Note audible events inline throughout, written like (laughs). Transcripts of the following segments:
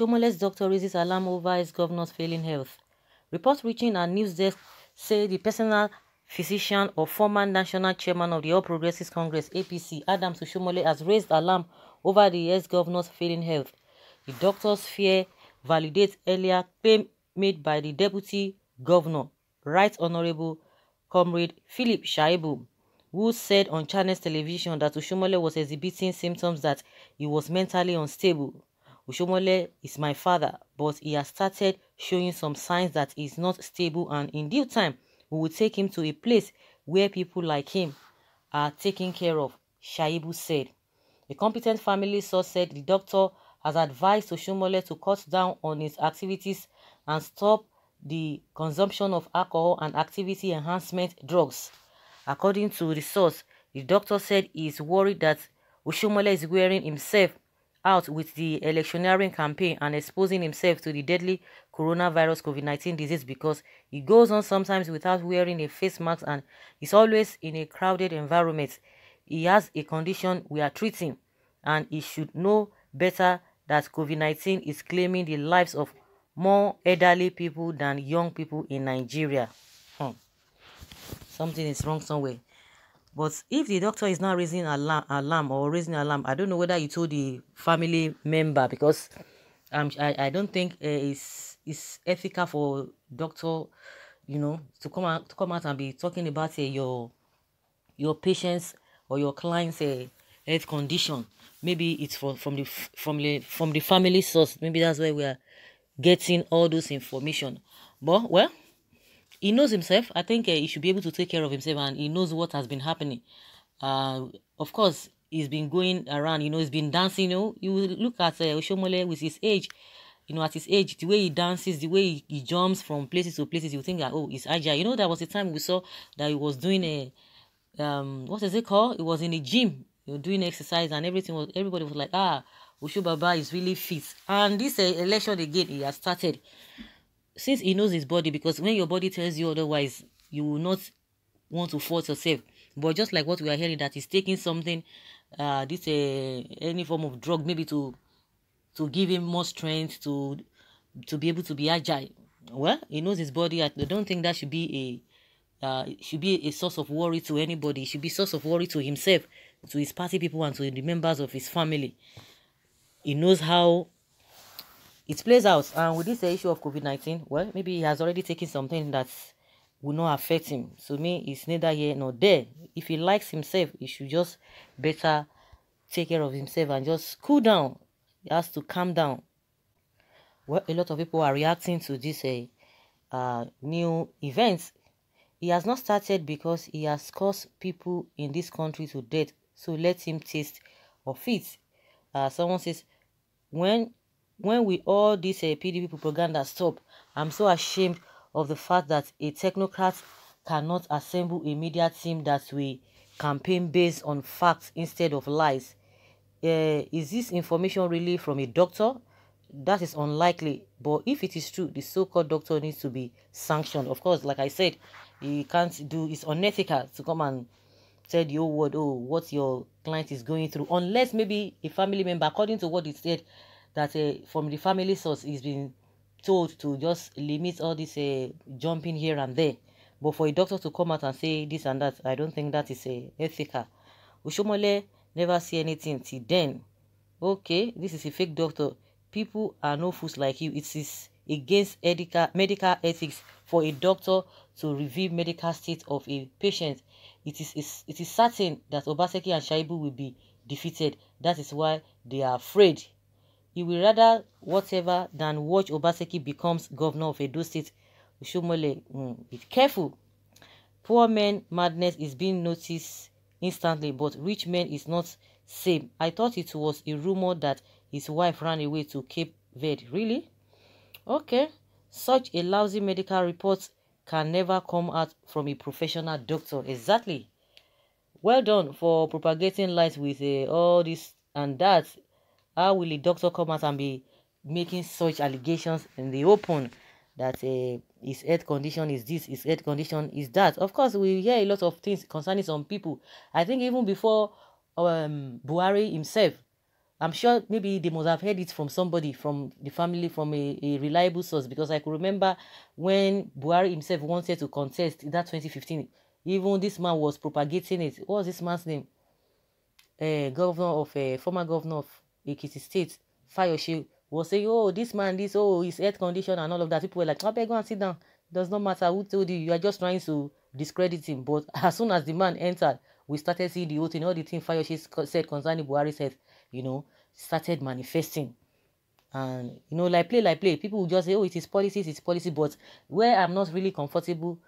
Oshomole's doctor raises alarm over his governor's failing health. Reports reaching our news desk say the personal physician of former national chairman of the All Progressives Congress, APC, Adam Sushomole, has raised alarm over the ex-governor's failing health. The doctor's fear validates earlier claim made by the deputy governor, Right Honorable Comrade Philip Shaibu, who said on Channels television that Ushomole was exhibiting symptoms that he was mentally unstable. Ushomole is my father, but he has started showing some signs that is not stable and in due time, we will take him to a place where people like him are taken care of, Shaibu said. A competent family source said the doctor has advised Oshomole to cut down on his activities and stop the consumption of alcohol and activity enhancement drugs. According to the source, the doctor said he is worried that Oshomole is wearing himself out with the electioneering campaign and exposing himself to the deadly coronavirus COVID-19 disease because he goes on sometimes without wearing a face mask and is always in a crowded environment. He has a condition we are treating and he should know better that COVID-19 is claiming the lives of more elderly people than young people in Nigeria. Hmm. Something is wrong somewhere. But if the doctor is not raising alarm, alarm or raising alarm, I don't know whether you told the family member because um, I, I don't think uh, it's, it's ethical for doctor, you know, to come out to come out and be talking about uh, your your patient's or your client's uh, health condition. Maybe it's from from the from the from the family source. Maybe that's where we are getting all those information. But well he knows himself. I think uh, he should be able to take care of himself, and he knows what has been happening. Uh, of course, he's been going around. You know, he's been dancing. You know, you look at uh, Oshomole with his age. You know, at his age, the way he dances, the way he, he jumps from places to places, you think that oh, he's agile. You know, there was a time we saw that he was doing a eh, um, what is it called? It was in a gym. You know, doing exercise and everything was everybody was like ah Ushu Baba is really fit. And this uh, election again, he has started since he knows his body, because when your body tells you otherwise, you will not want to force yourself. But just like what we are hearing, that he's taking something, uh, this uh, any form of drug, maybe to to give him more strength to to be able to be agile. Well, he knows his body. I don't think that should be a uh, should be a source of worry to anybody. It should be source of worry to himself, to his party people, and to the members of his family. He knows how it plays out. And with this uh, issue of COVID 19, well, maybe he has already taken something that will not affect him. So, me, it's neither here nor there. If he likes himself, he should just better take care of himself and just cool down. He has to calm down. Well, a lot of people are reacting to this uh, uh, new event. He has not started because he has caused people in this country to death. So let him taste of it. Uh, someone says, when when will all this uh, eh, PDP propaganda stop? I'm so ashamed of the fact that a technocrat cannot assemble a media team that we campaign based on facts instead of lies. Uh, is this information really from a doctor? That is unlikely. But if it is true, the so-called doctor needs to be sanctioned. Of course, like I said, he can't do. It's unethical to come and tell the word. world, oh, what your client is going through, unless maybe a family member, according to what he said, that uh, from the family source is being told to just limit all this uh, jumping here and there. But for a doctor to come out and say this and that, I don't think that is uh, ethical. Ushomole never see anything till then. Okay, this is a fake doctor. People are no fools like you. It is against ethical, medical ethics for a doctor to review medical state of a patient. It is it is certain that Obaseki and Shaibu will be defeated. That is why they are afraid you will rather whatever than watch Obaseki becomes governor of Edo State. Ushomole, mm, be careful. Poor man, madness is being noticed instantly, but rich man is not same. I thought it was a rumor that his wife ran away to Cape Verde. Really? Okay. Such a lousy medical report can never come out from a professional doctor. Exactly. Well done for propagating lies with uh, all this and that how will a doctor come out and be making such allegations in the open that uh, his health condition is this, his health condition is that? Of course, we hear a lot of things concerning some people. I think even before um, Buhari himself, I'm sure maybe they must have heard it from somebody from the family, from a, a reliable source, because I could remember when Buhari himself wanted to contest that 2015. Even this man was propagating it. What was this man's name? Uh, governor of uh, former governor of Ekiti State, Fayoshe was saying, oh, this man, this, oh, his health condition and all of that. People were like, okay, go and sit down. Does not matter who told you. You are just trying to discredit him. But (laughs) as soon as the man entered, we started seeing the whole thing. All the thing Fayoshe said concerning Buhari said, you know, started manifesting. And, you know, like play, like play. People will just say, oh, it is policies, it's policy. But where I'm not really comfortable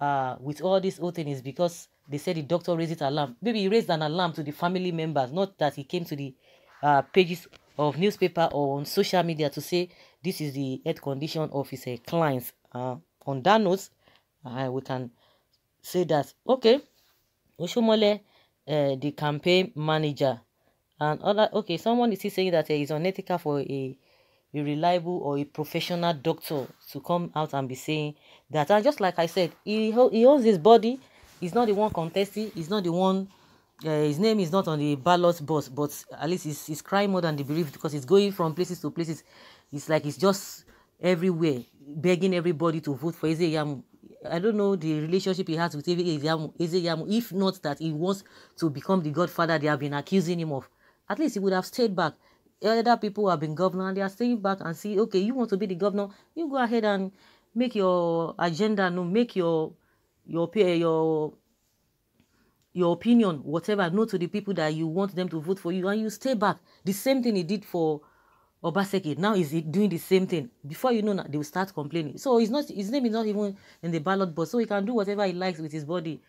uh, with all this whole thing is because they said the doctor raised it alarm. Maybe he raised an alarm to the family members, not that he came to the uh, pages of newspaper or on social media to say this is the health condition of his uh, clients. Uh, on that note, uh, we can say that okay, should uh, the campaign manager, and other okay, someone is saying that uh, it's unethical for a, a reliable or a professional doctor to come out and be saying that. And just like I said, he he owns his body. He's not the one contesting. He's not the one uh, his name is not on the ballot box, but at least he's, he's crying more than the bereaved because he's going from places to places. It's like he's just everywhere, begging everybody to vote for Eze Yamu. I don't know the relationship he has with Eze if not that he wants to become the godfather they have been accusing him of. At least he would have stayed back. Other people have been governor and they are staying back and see, okay, you want to be the governor, you go ahead and make your agenda No, make your your your your opinion, whatever, no to the people that you want them to vote for you, and you stay back. The same thing he did for Obaseki. Now he's doing the same thing. Before you know, they will start complaining. So it's not his name is not even in the ballot box, so he can do whatever he likes with his body.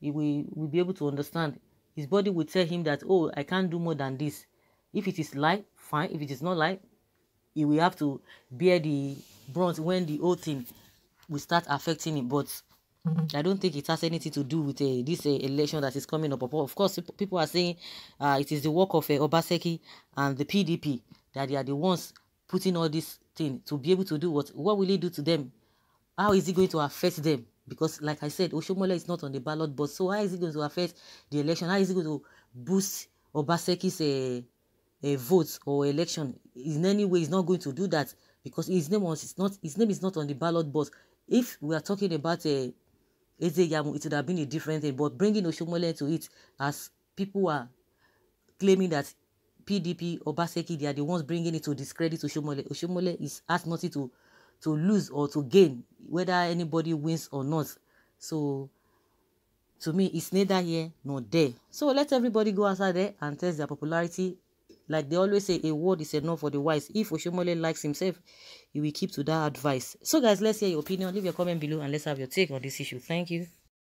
He will, will be able to understand. His body will tell him that, oh, I can't do more than this. If it is light, fine. If it is not light, he will have to bear the bronze when the whole thing will start affecting him. But Mm-hmm. I don't think it has anything to do with uh, this uh, election that is coming up. Of course, people are saying uh, it is the work of uh, Obaseki and the PDP that they are the ones putting all this thing to be able to do what? What will it do to them? How is it going to affect them? Because, like I said, Oshomola is not on the ballot box. So, how is it going to affect the election? How is it going to boost Obaseki's uh, votes or election? In any way, he's not going to do that because his name was, it's not, his name is not on the ballot box. If we are talking about a Ezeyamu, it would have been a different thing. But bringing Oshomole to it, as people are claiming that PDP or Baseki, they are the ones bringing it to discredit Oshomole. Oshomole is as nothing to, to lose or to gain, whether anybody wins or not. So, to me, it's neither here nor there. So let everybody go outside there and test their popularity like they always say, a word is enough for the wise. If Oshomole likes himself, he will keep to that advice. So guys, let's hear your opinion. Leave your comment below and let's have your take on this issue. Thank you.